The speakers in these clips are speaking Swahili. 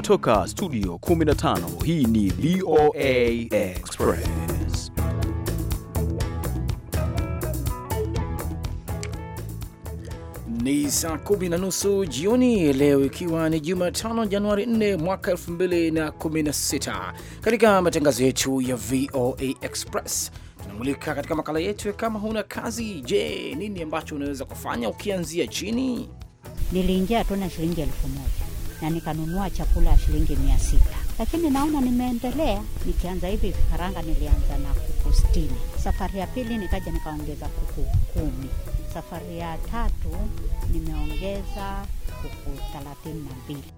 kutoka studio 15 hii ni VOA Express. Ni saa kumi na nusu jioni leo, ikiwa ni Jumatano Januari 4 mwaka 2016. Katika matangazo yetu ya VOA Express tunamulika katika makala yetu kama huna kazi, je, nini ambacho unaweza kufanya ukianzia chini? Niliingia tu na shilingi elfu moja na nikanunua chakula ya shilingi mia sita lakini naona nimeendelea. Nikianza hivi vifaranga, nilianza na kuku stini Safari ya pili nikaja nikaongeza kuku kumi. Safari ya tatu nimeongeza kuku thelathini na mbili.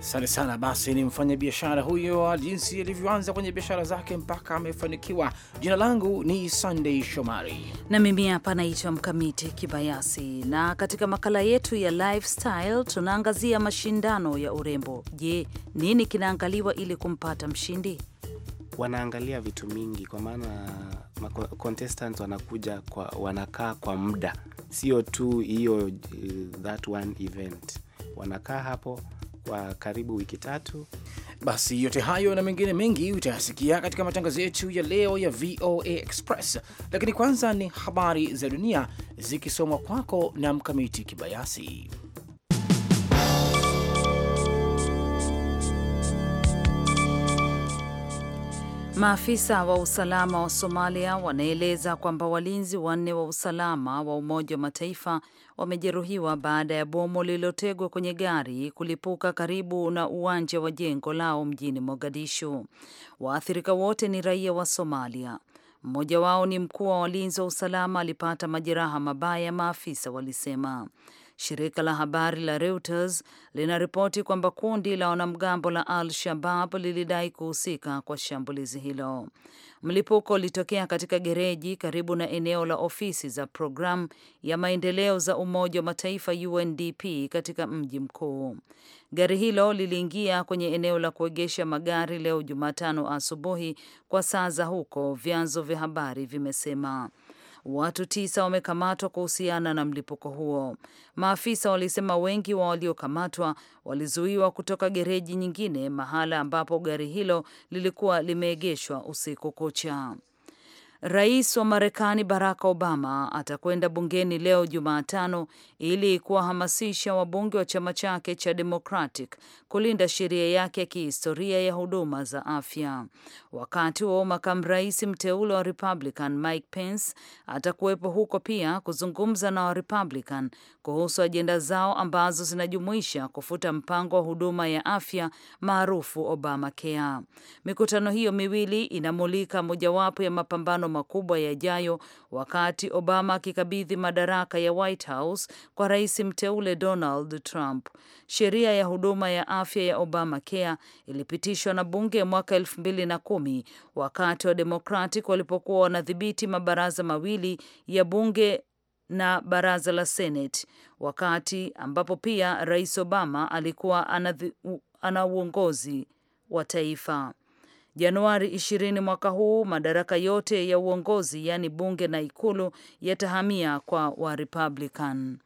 Asante sana. Basi ni mfanya biashara huyo, jinsi alivyoanza kwenye biashara zake mpaka amefanikiwa. Jina langu ni Sunday Shomari na mimi hapa naitwa Mkamiti Kibayasi, na katika makala yetu ya lifestyle tunaangazia mashindano ya urembo. Je, nini kinaangaliwa ili kumpata mshindi? Wanaangalia vitu mingi, kwa maana contestants wanakuja kwa, wanakaa kwa muda, sio tu hiyo eh, that one event, wanakaa hapo kwa karibu wiki tatu. Basi yote hayo na mengine mengi utayasikia katika matangazo yetu ya leo ya VOA Express, lakini kwanza ni habari za dunia zikisomwa kwako na Mkamiti Kibayasi. Maafisa wa usalama wa Somalia wanaeleza kwamba walinzi wanne wa usalama wa Umoja wa Mataifa wamejeruhiwa baada ya bomu lililotegwa kwenye gari kulipuka karibu na uwanja wa jengo lao mjini Mogadishu. Waathirika wote ni raia wa Somalia. Mmoja wao ni mkuu wa walinzi wa usalama alipata majeraha mabaya, maafisa walisema. Shirika la habari la Reuters linaripoti kwamba kundi la wanamgambo la Al Shabab lilidai kuhusika kwa shambulizi hilo. Mlipuko ulitokea katika gereji karibu na eneo la ofisi za programu ya maendeleo za Umoja wa Mataifa, UNDP, katika mji mkuu. Gari hilo liliingia kwenye eneo la kuegesha magari leo Jumatano asubuhi kwa saa za huko, vyanzo vya habari vimesema. Watu tisa wamekamatwa kuhusiana na mlipuko huo. Maafisa walisema wengi wa waliokamatwa walizuiwa kutoka gereji nyingine, mahala ambapo gari hilo lilikuwa limeegeshwa usiku kucha. Rais wa Marekani Barack Obama atakwenda bungeni leo Jumatano ili kuwahamasisha wabunge wa chama chake cha Democratic kulinda sheria yake ya kihistoria ya huduma za afya. Wakati huo makamu rais mteule wa Republican Mike Pence atakuwepo huko pia kuzungumza na warepublican kuhusu ajenda zao ambazo zinajumuisha kufuta mpango wa huduma ya afya maarufu Obamacare. Mikutano hiyo miwili inamulika mojawapo ya mapambano makubwa yajayo, wakati Obama akikabidhi madaraka ya White House kwa rais mteule Donald Trump. Sheria ya huduma ya afya ya Obamacare ilipitishwa na bunge mwaka elfu mbili na kumi wakati wa Democratic walipokuwa wanadhibiti mabaraza mawili ya bunge na baraza la Senate, wakati ambapo pia rais Obama alikuwa ana uongozi wa taifa. Januari 20 mwaka huu, madaraka yote ya uongozi, yaani bunge na ikulu, yatahamia kwa Warepublican.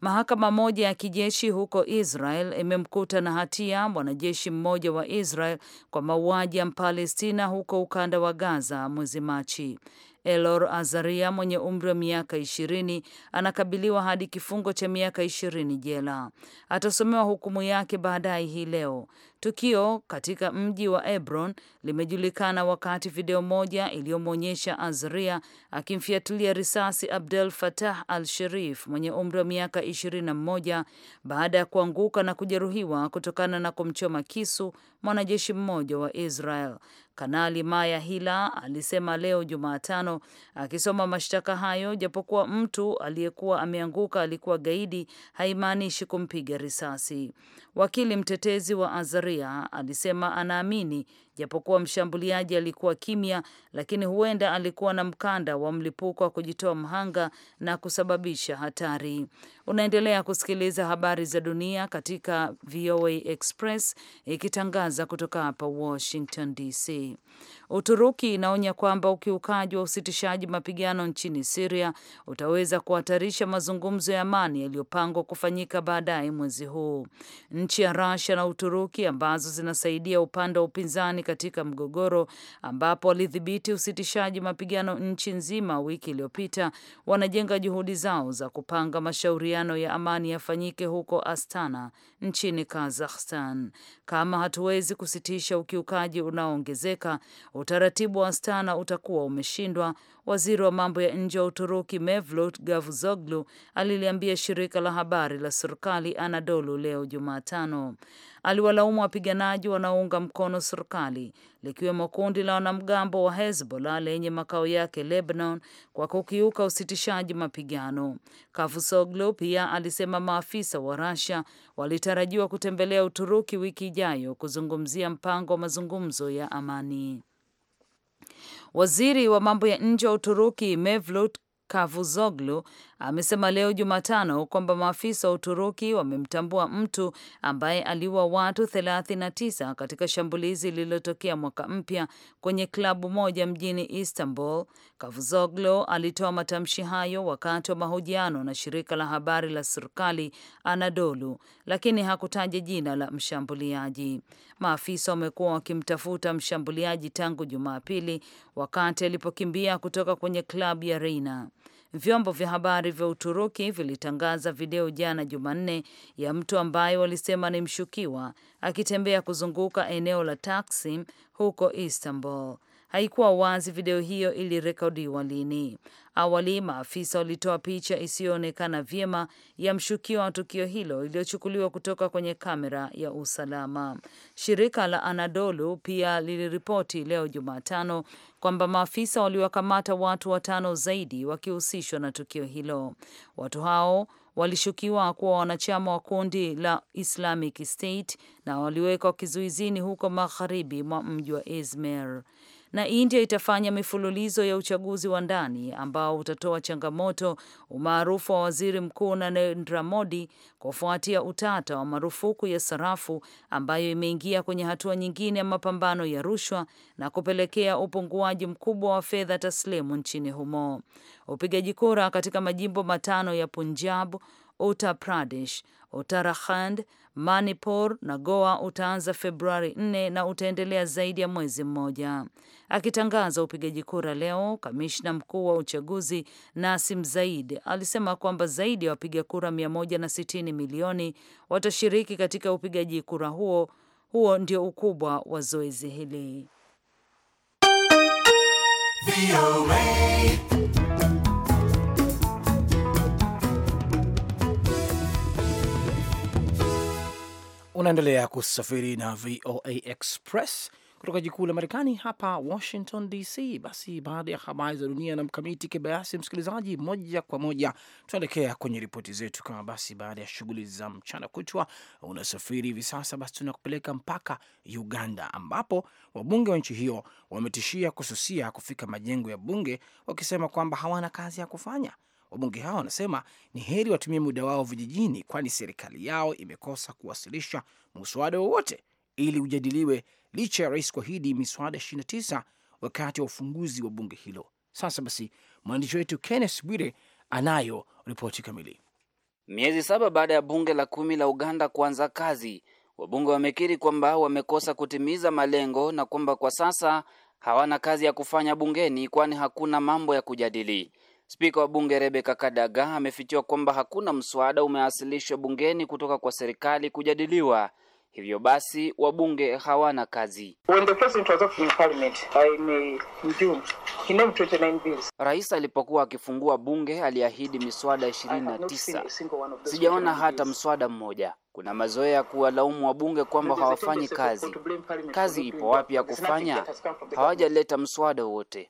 Mahakama moja ya kijeshi huko Israel imemkuta na hatia mwanajeshi mmoja wa Israel kwa mauaji ya Mpalestina huko ukanda wa Gaza mwezi Machi. Elor Azaria mwenye umri wa miaka ishirini anakabiliwa hadi kifungo cha miaka ishirini jela. Atasomewa hukumu yake baadaye hii leo. Tukio katika mji wa Hebron limejulikana wakati video moja iliyomwonyesha Azria akimfiatilia risasi Abdel fatah al Sherif mwenye umri wa miaka 21 baada ya kuanguka na kujeruhiwa kutokana na kumchoma kisu mwanajeshi mmoja wa Israel. Kanali Maya Hila alisema leo Jumatano akisoma mashtaka hayo, japokuwa mtu aliyekuwa ameanguka alikuwa gaidi haimaanishi kumpiga risasi. Wakili mtetezi wa Azaria alisema anaamini Japokuwa mshambuliaji alikuwa kimya, lakini huenda alikuwa na mkanda wa mlipuko wa kujitoa mhanga na kusababisha hatari. Unaendelea kusikiliza habari za dunia katika VOA Express ikitangaza kutoka hapa Washington DC. Uturuki inaonya kwamba ukiukaji wa usitishaji mapigano nchini Siria utaweza kuhatarisha mazungumzo ya amani yaliyopangwa kufanyika baadaye mwezi huu. Nchi ya Russia na Uturuki ambazo zinasaidia upande wa upinzani katika mgogoro ambapo walidhibiti usitishaji mapigano nchi nzima wiki iliyopita, wanajenga juhudi zao za kupanga mashauriano ya amani yafanyike huko Astana nchini Kazakhstan. Kama hatuwezi kusitisha ukiukaji unaoongezeka, utaratibu wa Astana utakuwa umeshindwa, waziri wa mambo ya nje wa Uturuki Mevlut Gavuzoglu aliliambia shirika la habari la serikali Anadolu leo Jumatano aliwalaumu wapiganaji wanaounga mkono serikali likiwemo kundi la wanamgambo wa Hezbollah lenye makao yake Lebanon kwa kukiuka usitishaji mapigano. Kafusoglu pia alisema maafisa wa Russia walitarajiwa kutembelea Uturuki wiki ijayo kuzungumzia mpango wa mazungumzo ya amani. Waziri wa mambo ya nje wa Uturuki Mevlut Kavuzoglu amesema leo Jumatano kwamba maafisa wa Uturuki wamemtambua mtu ambaye aliua watu 39 katika shambulizi lililotokea mwaka mpya kwenye klabu moja mjini Istanbul. Kavuzoglo alitoa matamshi hayo wakati wa mahojiano na shirika la habari la serikali Anadolu, lakini hakutaja jina la mshambuliaji. Maafisa wamekuwa wakimtafuta mshambuliaji tangu Jumapili wakati alipokimbia kutoka kwenye klabu ya Reina. Vyombo vya habari vya Uturuki vilitangaza video jana Jumanne ya mtu ambaye walisema ni mshukiwa akitembea kuzunguka eneo la Taksim huko Istanbul. Haikuwa wazi video hiyo ilirekodiwa lini. Awali maafisa walitoa picha isiyoonekana vyema ya mshukiwa wa tukio hilo iliyochukuliwa kutoka kwenye kamera ya usalama. Shirika la Anadolu pia liliripoti leo Jumatano kwamba maafisa waliwakamata watu watano zaidi wakihusishwa na tukio hilo. Watu hao walishukiwa kuwa wanachama wa kundi la Islamic State na waliwekwa kizuizini huko magharibi mwa mji wa Izmir na India itafanya mifululizo ya uchaguzi wa ndani ambao utatoa changamoto umaarufu wa waziri mkuu Narendra Modi kufuatia utata wa marufuku ya sarafu ambayo imeingia kwenye hatua nyingine ya mapambano ya rushwa na kupelekea upunguaji mkubwa wa fedha taslimu nchini humo. Upigaji kura katika majimbo matano ya Punjab, Uttar Pradesh, Uttarakhand, Manipur na Goa utaanza Februari 4 na utaendelea zaidi ya mwezi mmoja. Akitangaza upigaji kura leo, kamishna mkuu wa uchaguzi Nasim Zaid alisema kwamba zaidi ya wapiga kura 160 milioni watashiriki katika upigaji kura huo. Huo ndio ukubwa wa zoezi hili. Unaendelea kusafiri na VOA Express kutoka jikuu la Marekani hapa Washington DC. Basi baada ya habari za dunia na mkamiti kibayasi, msikilizaji, moja kwa moja tunaelekea kwenye ripoti zetu. Kama basi baada ya shughuli za mchana kutwa unasafiri hivi sasa, basi tunakupeleka mpaka Uganda ambapo wabunge wa nchi hiyo wametishia kususia kufika majengo ya bunge wakisema kwamba hawana kazi ya kufanya Wabunge hao wanasema ni heri watumie muda wao vijijini, kwani serikali yao imekosa kuwasilisha muswada wowote ili ujadiliwe, licha ya rais kuahidi miswada 29 wakati wa ufunguzi wa bunge hilo. Sasa basi, mwandishi wetu Kenneth Bwire anayo ripoti kamili. Miezi saba baada ya bunge la kumi la Uganda kuanza kazi, wabunge wamekiri kwamba wamekosa kutimiza malengo na kwamba kwa sasa hawana kazi ya kufanya bungeni, kwani hakuna mambo ya kujadili. Spika wa bunge rebeka Kadaga amefichua kwamba hakuna mswada umewasilishwa bungeni kutoka kwa serikali kujadiliwa Hivyo basi wabunge hawana kazi. Rais alipokuwa akifungua bunge aliahidi miswada tisa. Sijaona hata mswada mmoja. Kuna mazoea ya kuwalaumu wabunge kwamba hawafanyi kazi. Kazi ipo wapi ya kufanya? Hawajaleta mswada wote.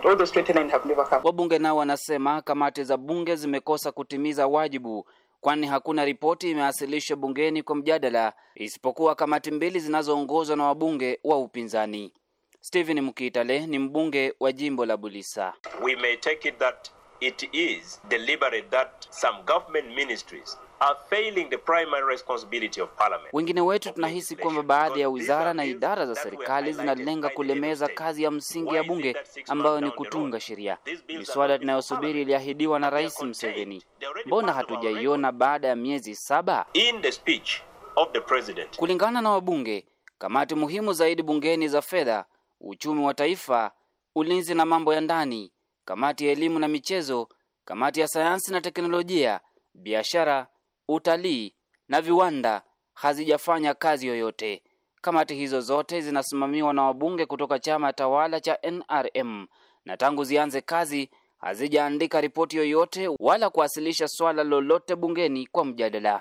Wabunge nao wanasema kamati za bunge zimekosa kutimiza wajibu kwani hakuna ripoti imewasilishwa bungeni kwa mjadala isipokuwa kamati mbili zinazoongozwa na wabunge wa upinzani. Stephen Mukitale ni mbunge wa jimbo la Bulisa. We may take it that it is deliberate that some government ministries are failing the primary responsibility of parliament. Wengine wetu tunahisi kwamba baadhi ya wizara na idara za serikali zinalenga kulemeza kazi ya msingi ya bunge ambayo ni kutunga sheria. Miswada tunayosubiri iliahidiwa na Rais Museveni, mbona hatujaiona baada ya miezi saba? In the speech of the president. Kulingana na wabunge, kamati muhimu zaidi bungeni za fedha, uchumi wa taifa, ulinzi na mambo ya ndani, kamati ya elimu na michezo, kamati ya sayansi na teknolojia, biashara utalii na viwanda hazijafanya kazi yoyote. Kamati hizo zote zinasimamiwa na wabunge kutoka chama tawala cha NRM na tangu zianze kazi hazijaandika ripoti yoyote wala kuwasilisha swala lolote bungeni kwa mjadala.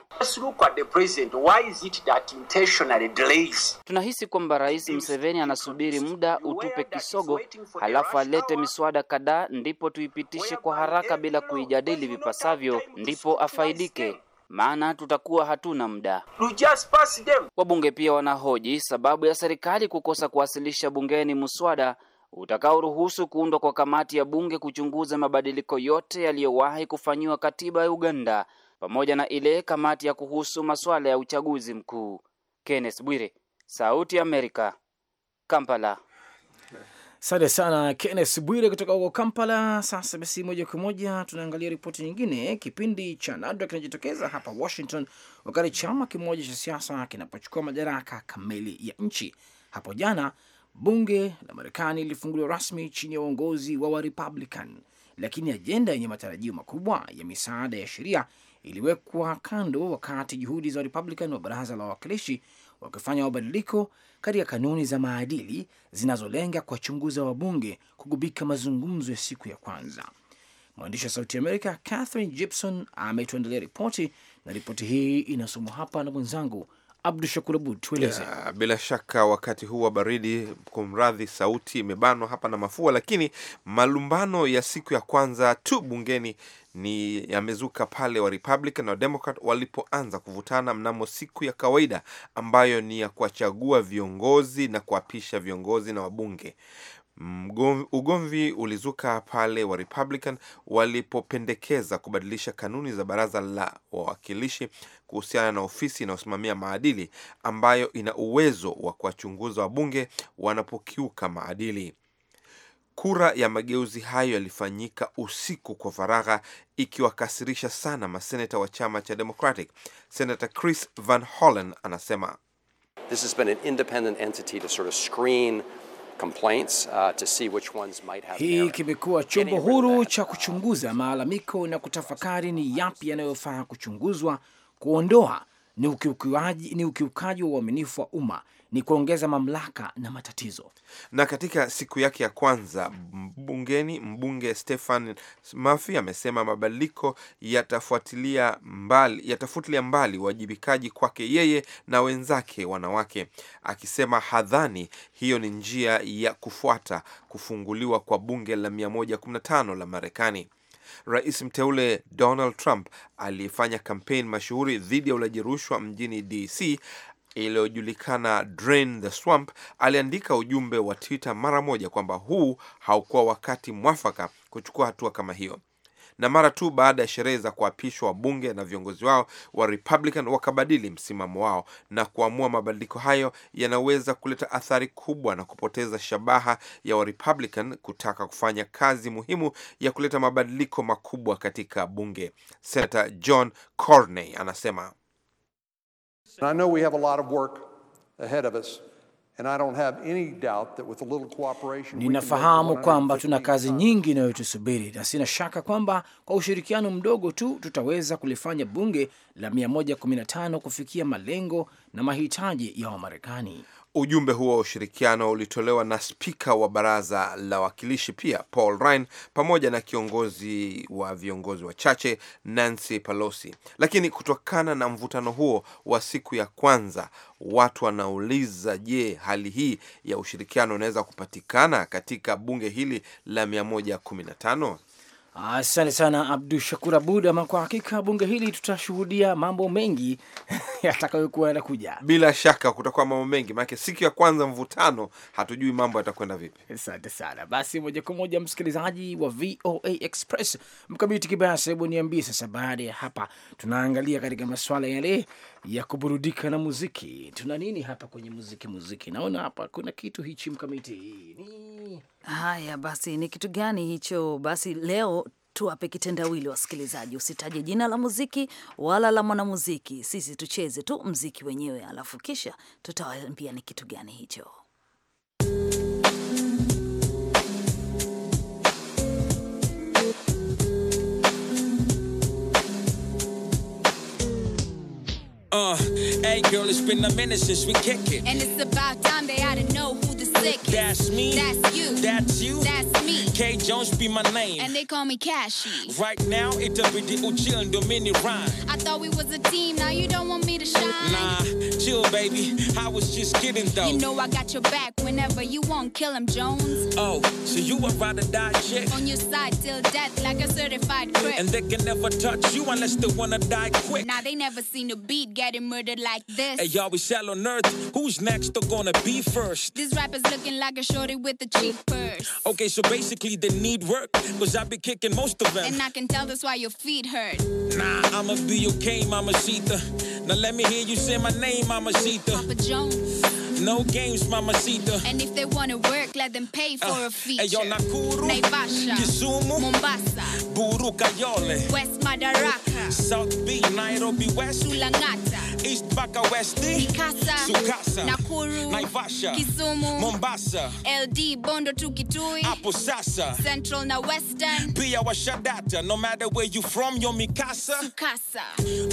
Tunahisi kwamba Rais Museveni anasubiri muda utupe kisogo, halafu alete miswada kadhaa, ndipo tuipitishe kwa haraka bila kuijadili vipasavyo, ndipo afaidike maana tutakuwa hatuna muda. Wabunge pia wanahoji sababu ya serikali kukosa kuwasilisha bungeni muswada utakaoruhusu kuundwa kwa kamati ya bunge kuchunguza mabadiliko yote yaliyowahi kufanyiwa katiba ya Uganda pamoja na ile kamati ya kuhusu masuala ya uchaguzi mkuu. Kenneth Bwire, Sauti ya Amerika, Kampala. Asante sana Kennes Bwire kutoka huko Kampala. Sasa basi, moja kwa moja tunaangalia ripoti nyingine, kipindi cha nadra kinajitokeza hapa Washington wakati chama kimoja cha siasa kinapochukua madaraka kamili ya nchi. Hapo jana bunge la Marekani lilifunguliwa rasmi chini ya uongozi wa Warepublican, lakini ajenda yenye matarajio makubwa ya misaada ya sheria iliwekwa kando wakati juhudi za Warepublican wa baraza la wawakilishi wakifanya mabadiliko katika kanuni za maadili zinazolenga kuwachunguza wabunge kugubika mazungumzo ya siku ya kwanza. Mwandishi wa Sauti Amerika Catherine Gibson ametuandalia ripoti na ripoti hii inasomwa hapa na mwenzangu Abdu Shakur Abud, tueleze. Bila shaka wakati huu wa baridi, kumradhi, sauti imebanwa hapa na mafua, lakini malumbano ya siku ya kwanza tu bungeni ni yamezuka pale wa Republican na wa Democrat walipoanza kuvutana mnamo siku ya kawaida ambayo ni ya kuwachagua viongozi na kuapisha viongozi na wabunge. Ugomvi ulizuka pale wa Republican walipopendekeza kubadilisha kanuni za baraza la wawakilishi kuhusiana na ofisi inayosimamia maadili ambayo ina uwezo wa kuwachunguza wabunge wanapokiuka maadili. Kura ya mageuzi hayo yalifanyika usiku kwa faragha, ikiwakasirisha sana maseneta wa chama cha Democratic. Senator Chris Van Hollen anasema This has been an independent entity to sort of screen complaints, uh, to see which ones might have hii kimekuwa chombo huru cha kuchunguza malalamiko na kutafakari ni yapi yanayofaa kuchunguzwa, kuondoa ni ukiukaji wa uaminifu wa umma ni kuongeza mamlaka na matatizo. Na katika siku yake ya kwanza bungeni, mbunge Stefan Murphy amesema mabadiliko yatafutilia mbali, yatafutilia mbali uwajibikaji kwake yeye na wenzake wanawake, akisema hadhani hiyo ni njia ya kufuata kufunguliwa kwa bunge la 115 la Marekani. Rais mteule Donald Trump aliyefanya kampeni mashuhuri dhidi ya ulaji rushwa mjini DC iliyojulikana Drain the Swamp aliandika ujumbe wa Twitter mara moja kwamba huu haukuwa wakati mwafaka kuchukua hatua kama hiyo. Na mara tu baada ya sherehe za kuapishwa wabunge na viongozi wao wa Republican wakabadili msimamo wao na kuamua mabadiliko hayo yanaweza kuleta athari kubwa na kupoteza shabaha ya wa Republican kutaka kufanya kazi muhimu ya kuleta mabadiliko makubwa katika bunge. Senator John Corney anasema And I know we have a lot of work ahead of us. ninafahamu kwamba tuna kazi nyingi inayotusubiri na sina shaka kwamba kwa ushirikiano mdogo tu tutaweza kulifanya bunge la 115 kufikia malengo na mahitaji ya Wamarekani. Ujumbe huo wa ushirikiano ulitolewa na spika wa baraza la wawakilishi pia Paul Ryan pamoja na kiongozi wa viongozi wachache Nancy Pelosi. Lakini kutokana na mvutano huo wa siku ya kwanza, watu wanauliza, je, hali hii ya ushirikiano inaweza kupatikana katika bunge hili la 115? Asante sana Abdu Shakur Abud. Ama kwa hakika bunge hili tutashuhudia mambo mengi yatakayokuwa yanakuja. Bila shaka kutakuwa mambo mengi, maanake siku ya kwanza mvutano, hatujui mambo yatakwenda vipi. Asante sana. Basi moja kwa moja, msikilizaji wa VOA Express, Mkabiti Kibayasi, hebu niambie sasa, baada ya hapa tunaangalia katika masuala yale ya kuburudika na muziki. Tuna nini hapa kwenye muziki? Muziki naona hapa kuna kitu hichi mkamiti ni... haya basi, ni kitu gani hicho? Basi leo tuwape kitendawili wasikilizaji, usitaje jina la muziki wala la mwanamuziki, sisi tucheze tu mziki wenyewe, alafu kisha tutawaambia ni kitu gani hicho. Uh, hey girl, it's been a minute since we kicked it. And it's about time they ought to know who seconds. That's me. That's you. That's you. That's me. K Jones be my name. And they call me Cashy. Right now, it's a video chill and mini rhyme. I thought we was a team, now you don't want me to shine. Nah, chill, baby. I was just kidding, though. You know I got your back whenever you want. Kill him, Jones. Oh, so you a ride die chick? On your side till death, like a certified crip. And they can never touch you unless they wanna die quick. Now they never seen a beat getting murdered like this. Hey, y'all, we shall on earth. Who's next? They're gonna be first. These rappers looking like a shorty with a cheap purse. Okay, so basically they need work, cause I be kicking most of them. And I can tell that's why your feet hurt. Nah, I'ma be okay, Mama Sita. Now let me hear you say my name, Mama Sita. Papa Jones. No games, Mama Shita. And if they wanna work, let them pay for uh, a feature. Hey, yo, Nakuru, Naivasha, Kisumu, Mombasa, Buru Kayole, West Madaraka. South B, Nairobi West, Ulangata, East Baka West, Mikasa, Sukasa, Nakuru, Naivasha, Kisumu, Mombasa, LD, Bondo to Kitui, sasa, Central na Western, pia washadata, no matter where you from, yo Mikasa, Sukasa.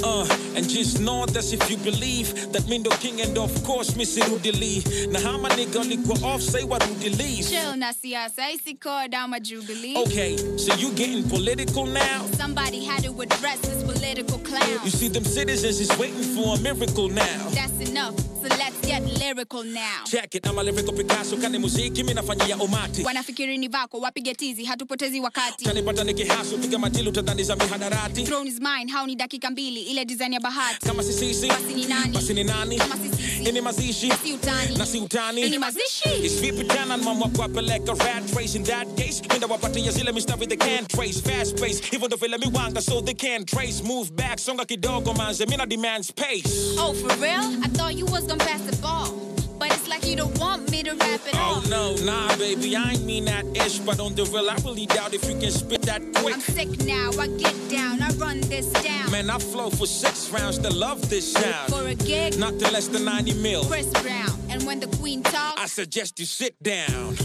Uh, and just know that if you believe that Mindo King and of course Missy Rudili, na hama nigga likuwa off, say what Rudili. Chill na siasa, isiko down Jubilee. Okay, so you getting political now? Somebody had it with this political clowns. You see, them citizens is waiting for a miracle now. That's enough. So let's get lyrical now. Check it, I'm a lyrical Picasso, kani muziki mimi nafanyia umati. Wanafikiri ni vako, wapige tizi, hatupotezi wakati. Kanipata nikihasu, piga matili utadhani za mihadarati. Throne is mine, hao ni dakika mbili, ile design ya bahati. Kama si sisi, basi ni nani? Basi ni nani? Kama si sisi, ni mazishi. Si utani. Na si utani. Ni mazishi. Isivipi tena mama kuwapeleka rat race in that case. Mimi nawapatia zile mistari they can't trace. Fast pace, hivyo ndo vile miwanga so they can't trace. Move back, song like a dog on mine. Zemina demands pace. Oh, for real? I thought you was gonna pass the ball. But it's like you don't want me to wrap it oh, up. Oh, no, nah, baby, I ain't mean that ish. But on the real, I really doubt if you can spit that quick. I'm sick now, I get down, I run this down. Man, I flow for six rounds to love this sound. For a gig, to less than 90 mil. Chris Brown, and when the queen talks, I suggest you sit down.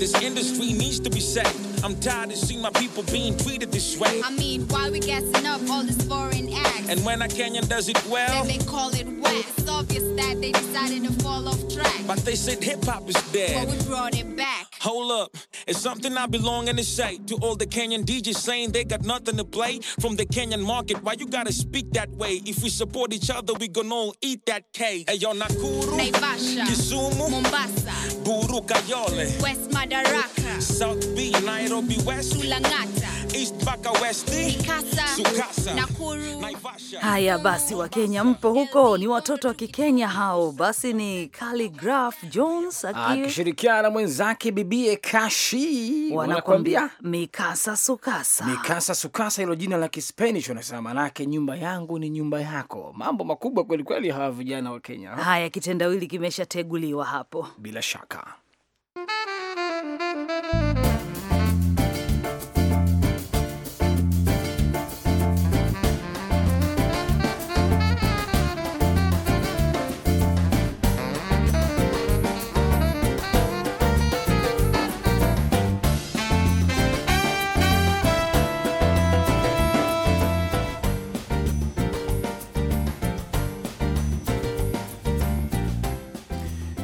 This industry needs to be saved. I'm tired of seeing my people being treated this way. I mean, why we gassing up all this foreign act? And when a Kenyan does it well, then they call it whack obvious that they decided to fall off track. But they said hip hop is dead. But we brought it back. Hold up, it's something I belong in to say to all the Kenyan DJs saying they got nothing to play from the Kenyan market. Why you gotta speak that way? If we support each other, we gonna all eat that cake. Ayo Nakuru, Naivasha, Kisumu, Mombasa, Buru Kayole, eh. West Madaraka, South B, Nairobi West, Tulangata, East Baka Westi, Mikasa, eh. Sukasa, Nakuru, Naivasha. Haya basi, Kenya mpo huko, ni watoto wa Kikenya hao basi ni Khaligraph Jones akishirikiana na mwenzake bibie Kashi, wanakuambia mikasa sukasa. Mikasa sukasa, hilo jina la Kispanish wanasema manake nyumba yangu ni nyumba yako. Mambo makubwa kwelikweli hawa vijana wa Kenya. Haya, kitendawili kimeshateguliwa hapo bila shaka.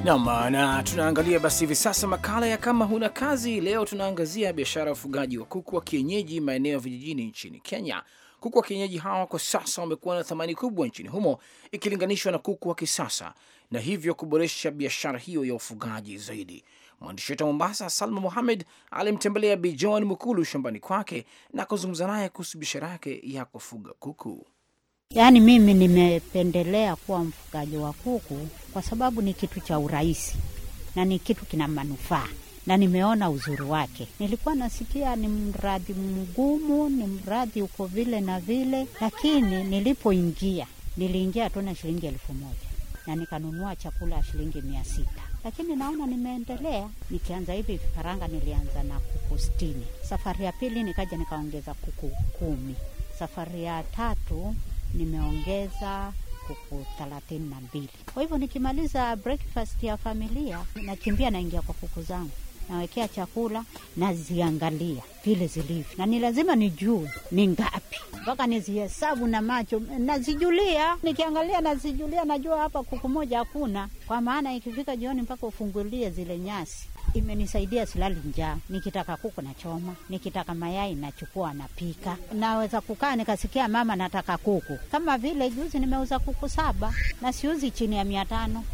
Naam, na tunaangalia basi hivi sasa makala ya kama huna kazi. Leo tunaangazia biashara ya ufugaji wa kuku wa kienyeji maeneo ya vijijini nchini Kenya. Kuku wa kienyeji hawa kwa sasa wamekuwa na thamani kubwa nchini humo ikilinganishwa na kuku wa kisasa, na hivyo kuboresha biashara hiyo ya ufugaji zaidi. Mwandishi wetu wa Mombasa, Salma muhamed alimtembelea Bi John Mukulu shambani kwake na kuzungumza naye kuhusu biashara yake ya kufuga kuku. Yaani mimi nimependelea kuwa mfugaji wa kuku kwa sababu ni kitu cha urahisi na ni kitu kina manufaa na nimeona uzuri wake. Nilikuwa nasikia ni mradi mgumu, ni mradi uko vile na vile, lakini nilipoingia, niliingia tu na shilingi elfu moja na nikanunua chakula shilingi mia sita lakini naona nimeendelea. Nikianza hivi vifaranga, nilianza na kuku sitini. Safari ya pili nikaja nikaongeza kuku kumi. Safari ya tatu nimeongeza kuku thelathini na mbili. Kwa hivyo nikimaliza breakfast ya familia nakimbia naingia kwa kuku zangu nawekea chakula naziangalia vile zilivyo, na ni lazima nijue ni ngapi, mpaka nizihesabu na macho, nazijulia. Nikiangalia nazijulia, najua hapa kuku moja hakuna, kwa maana ikifika jioni mpaka ufungulie zile nyasi imenisaidia silali njaa. Nikitaka kuku na choma, nikitaka mayai nachukua napika, naweza kukaa nikasikia mama, nataka kuku. Kama vile juzi nimeuza kuku saba na siuzi chini ya mia tano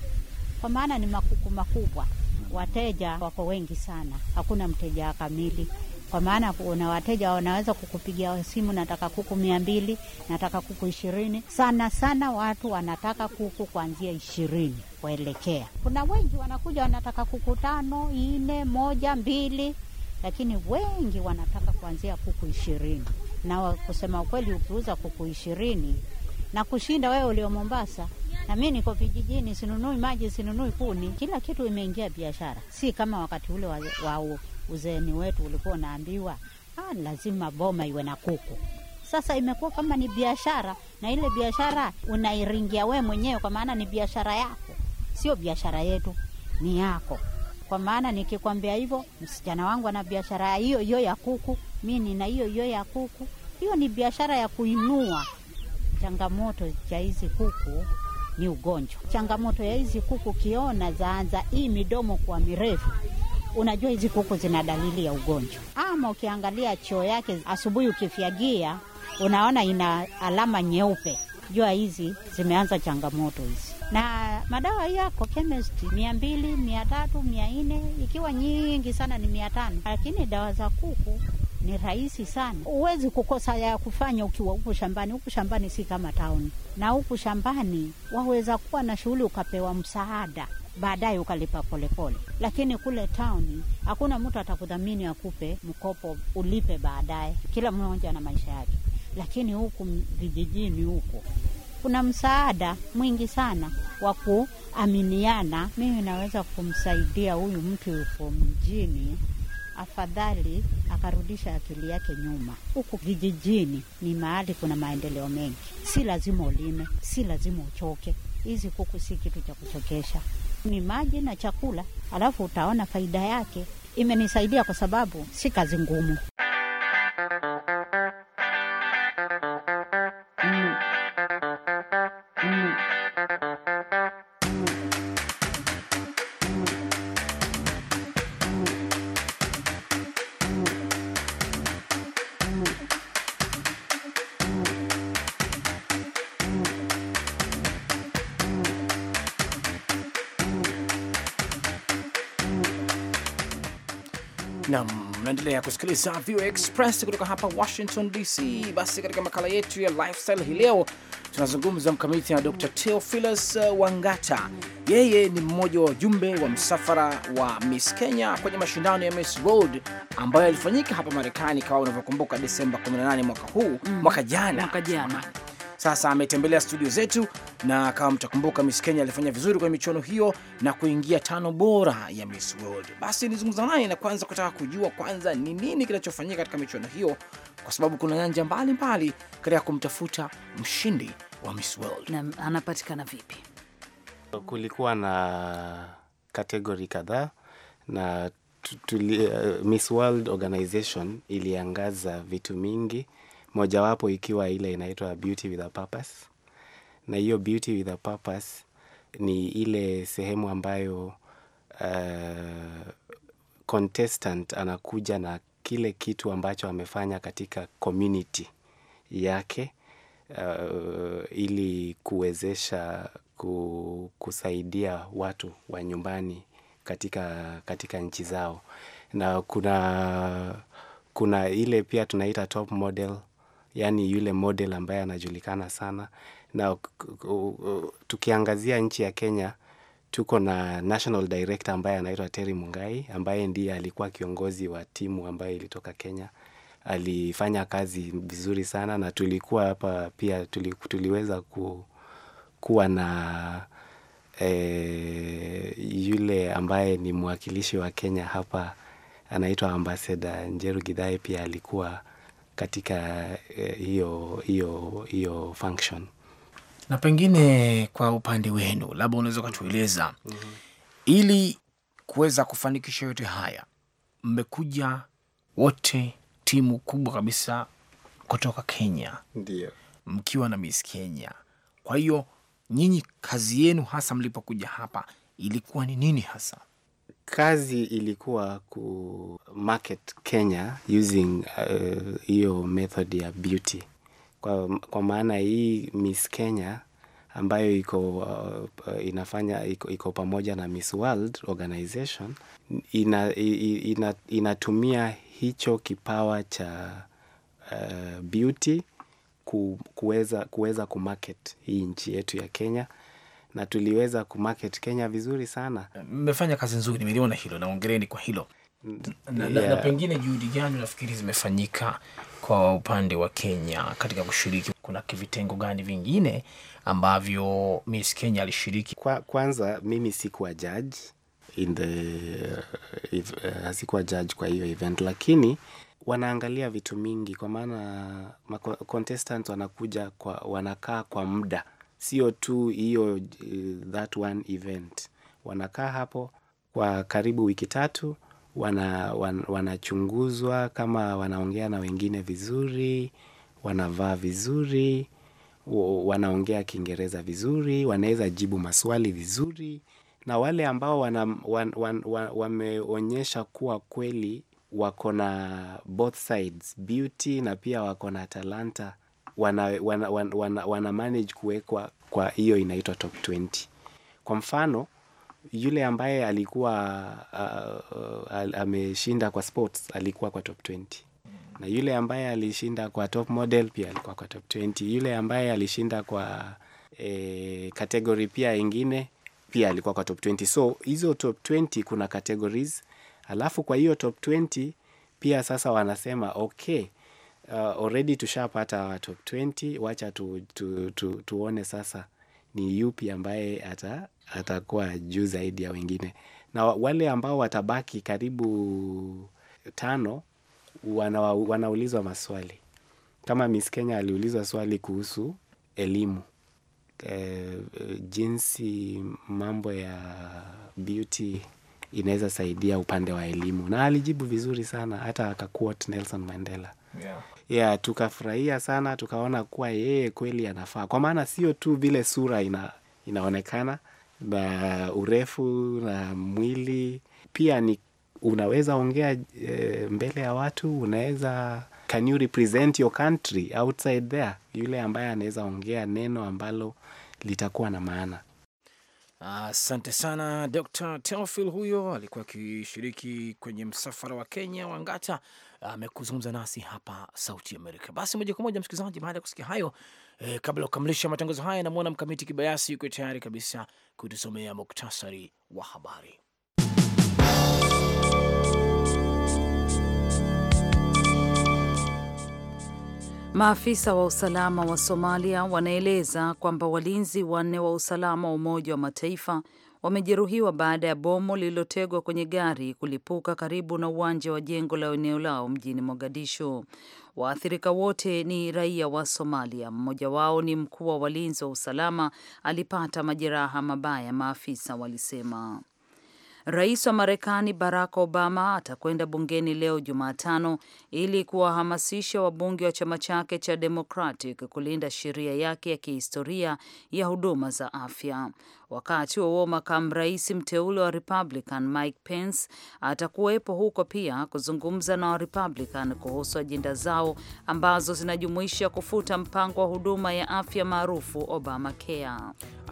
kwa maana ni makuku makubwa. Wateja wako wengi sana, hakuna mteja kamili kwa maana kuna wateja wanaweza kukupigia simu, nataka kuku mia mbili, nataka kuku ishirini. Sana sana watu wanataka kuku kuanzia ishirini kuelekea. Kuna wengi wanakuja wanataka kuku tano, nne, moja, mbili, lakini wengi wanataka kuanzia kuku ishirini. Na kusema ukweli, ukiuza kuku ishirini na kushinda wewe ulio Mombasa na mi niko vijijini, sinunui maji, sinunui kuni, kila kitu imeingia biashara, si kama wakati ule wa, wa uzeeni wetu ulikuwa unaambiwa ah, lazima boma iwe na kuku. Sasa imekuwa kama ni biashara, na ile biashara unairingia we mwenyewe, kwa maana ni biashara yako, sio biashara yetu, ni yako. Kwa maana nikikwambia hivyo, msichana wangu ana biashara hiyo hiyo ya kuku, mi nina hiyo hiyo ya kuku. Hiyo ni biashara ya kuinua. Changamoto cha hizi kuku ni ugonjwa. Changamoto ya hizi kuku, kiona zaanza hii midomo kuwa mirefu unajua hizi kuku zina dalili ya ugonjwa. Ama ukiangalia choo yake asubuhi, ukifyagia unaona ina alama nyeupe, jua hizi zimeanza changamoto hizi. Na madawa yako chemist mia mbili, mia tatu, mia nne, ikiwa nyingi sana ni mia tano, lakini dawa za kuku ni rahisi sana, huwezi kukosa ya kufanya ukiwa huku shambani. Huku shambani si kama tauni, na huku shambani waweza kuwa na shughuli ukapewa msaada baadaye ukalipa polepole pole. Lakini kule town hakuna mtu atakudhamini akupe mkopo ulipe baadaye, kila mmoja na maisha yake. Lakini huku vijijini huku kuna msaada mwingi sana wa kuaminiana. Mimi naweza kumsaidia huyu mtu yuko mjini, afadhali akarudisha akili yake nyuma. Huku vijijini ni mahali kuna maendeleo mengi, si lazima ulime, si lazima uchoke hizi kuku si kitu cha kuchokesha, ni maji na chakula, alafu utaona faida yake. Imenisaidia kwa sababu si kazi ngumu. Unaendelea kusikiliza VOA Express kutoka hapa Washington DC. Basi katika makala yetu ya lifestyle hii leo tunazungumza mkamiti na Dr Theophilus uh, Wangata. Yeye ni mmoja wa wajumbe wa msafara wa Miss Kenya kwenye mashindano ya Miss World ambayo yalifanyika hapa Marekani, kama unavyokumbuka, Desemba 18 mwaka huu, mm. mwaka jana, mwaka jana sasa ametembelea studio zetu, na kama mtakumbuka, Miss Kenya alifanya vizuri kwenye michuano hiyo na kuingia tano bora ya Miss World. Basi nizungumza naye na kwanza kutaka kujua kwanza ni nini kinachofanyika katika michuano hiyo, kwa sababu kuna nyanja mbalimbali katika kumtafuta mshindi wa Miss World. Na anapatikana vipi? Kulikuwa na kategori kadhaa na tuli, uh, Miss World Organization iliangaza vitu mingi mojawapo ikiwa ile inaitwa Beauty with a Purpose, na hiyo Beauty with a Purpose ni ile sehemu ambayo uh, contestant anakuja na kile kitu ambacho amefanya katika community yake uh, ili kuwezesha kusaidia watu wa nyumbani katika, katika nchi zao, na kuna, kuna ile pia tunaita top model yani yule model ambaye anajulikana sana na tukiangazia nchi ya Kenya tuko na national director ambaye anaitwa Terry Mungai ambaye ndiye alikuwa kiongozi wa timu ambayo ilitoka Kenya. Alifanya kazi vizuri sana na tulikuwa hapa pia tuli, tuliweza ku, kuwa na e, yule ambaye ni mwakilishi wa Kenya hapa anaitwa ambassador Njeru gidhae pia alikuwa katika eh, hiyo hiyo hiyo function. Na pengine kwa upande wenu, labda unaweza ukatueleza mm -hmm. ili kuweza kufanikisha yote haya, mmekuja wote, timu kubwa kabisa kutoka Kenya, ndio mkiwa na Miss Kenya. Kwa hiyo nyinyi kazi yenu hasa mlipokuja hapa ilikuwa ni nini hasa? Kazi ilikuwa kumarket Kenya using uh, hiyo uh, method ya beauty. Kwa, kwa maana hii Miss Kenya ambayo iko, uh, inafanya, iko, iko pamoja na Miss World Organization ina, ina, inatumia hicho kipawa cha uh, beauty kuweza kumarket hii nchi yetu ya Kenya na tuliweza kumarket Kenya vizuri sana. Mmefanya kazi nzuri, nimeliona hilo naongereni kwa hilo. Na, yeah. Na pengine juhudi gani nafikiri zimefanyika kwa upande wa Kenya katika kushiriki? Kuna vitengo gani vingine ambavyo Miss Kenya alishiriki? Kwa, kwanza mimi sikuwa judge in the uh, sikuwa judge kwa hiyo event, lakini wanaangalia vitu mingi, kwa maana contestants wanakuja kwa, wanakaa kwa muda sio tu hiyo eh, that one event. Wanakaa hapo kwa karibu wiki tatu, wana, wan, wanachunguzwa kama wanaongea na wengine vizuri, wanavaa vizuri, wanaongea Kiingereza vizuri, wanaweza jibu maswali vizuri, na wale ambao wan, wan, wan, wan, wameonyesha kuwa kweli wako na both sides beauty na pia wako na talanta wana, wana, wana, wana, wana manage kuwekwa kwa hiyo inaitwa top 20. Kwa mfano yule ambaye alikuwa uh, ameshinda kwa sports alikuwa kwa top 20 na yule ambaye alishinda kwa top model pia alikuwa kwa top 20. Yule ambaye alishinda kwa e, category pia ingine pia alikuwa kwa top 20. So hizo top 20 kuna categories, alafu kwa hiyo top 20 pia sasa wanasema okay uh, already tushapata top 20 wacha tu, tu, tu, tuone sasa ni yupi ambaye ata, atakuwa juu zaidi ya wengine na wale ambao watabaki karibu tano wana, wanaulizwa maswali kama Miss Kenya aliulizwa swali kuhusu elimu e, jinsi mambo ya beauty inaweza saidia upande wa elimu, na alijibu vizuri sana, hata akaquote Nelson Mandela yeah. Yeah, tukafurahia sana, tukaona kuwa yeye kweli anafaa, kwa maana sio tu vile sura ina, inaonekana ba urefu na mwili pia ni unaweza ongea e, mbele ya watu unaweza can you represent your country outside there, yule ambaye anaweza ongea neno ambalo litakuwa na maana. Asante sana Dr. Teofil, huyo alikuwa akishiriki kwenye msafara wa Kenya wa Ngata amekuzungumza uh, nasi hapa Sauti Amerika. Basi moja kwa moja msikilizaji, baada ya kusikia hayo eh, kabla ya kukamilisha matangazo haya, namwona Mkamiti Kibayasi yuko tayari kabisa kutusomea muktasari wa habari. Maafisa wa usalama wa Somalia wanaeleza kwamba walinzi wanne wa usalama wa Umoja wa Mataifa wamejeruhiwa baada ya bomu lililotegwa kwenye gari kulipuka karibu na uwanja wa jengo la eneo lao mjini Mogadishu. Waathirika wote ni raia wa Somalia. Mmoja wao ni mkuu wa walinzi wa usalama, alipata majeraha mabaya, maafisa walisema. Rais wa Marekani Barack Obama atakwenda bungeni leo Jumatano ili kuwahamasisha wabunge wa chama chake cha Democratic kulinda sheria yake ya kihistoria ya huduma za afya. Wakati wa huo makamu rais mteule wa Republican Mike Pence atakuwepo huko pia kuzungumza na Warepublican kuhusu ajenda zao ambazo zinajumuisha kufuta mpango wa huduma ya afya maarufu Obamacare.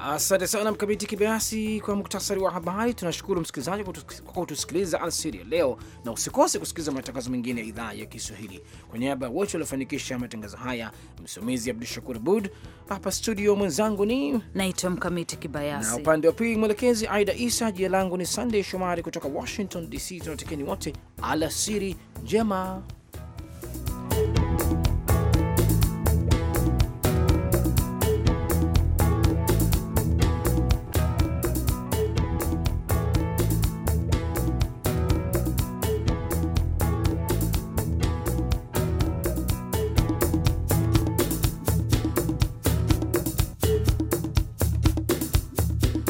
Asante sana Mkamiti Kibayasi kwa muktasari wa habari. Tunashukuru msikilizaji kwa kutusikiliza alasiri ya leo, na usikose kusikiliza matangazo mengine ya idhaa ya Kiswahili. Kwa niaba ya wote waliofanikisha matangazo haya, msimamizi Abdu Shakur Abud hapa studio, mwenzangu ni naitwa Mkamiti Kibayasi na upande wa pili mwelekezi Aida Isa. Jina langu ni Sunday Shomari kutoka Washington DC. Tunatekeni wote alasiri njema.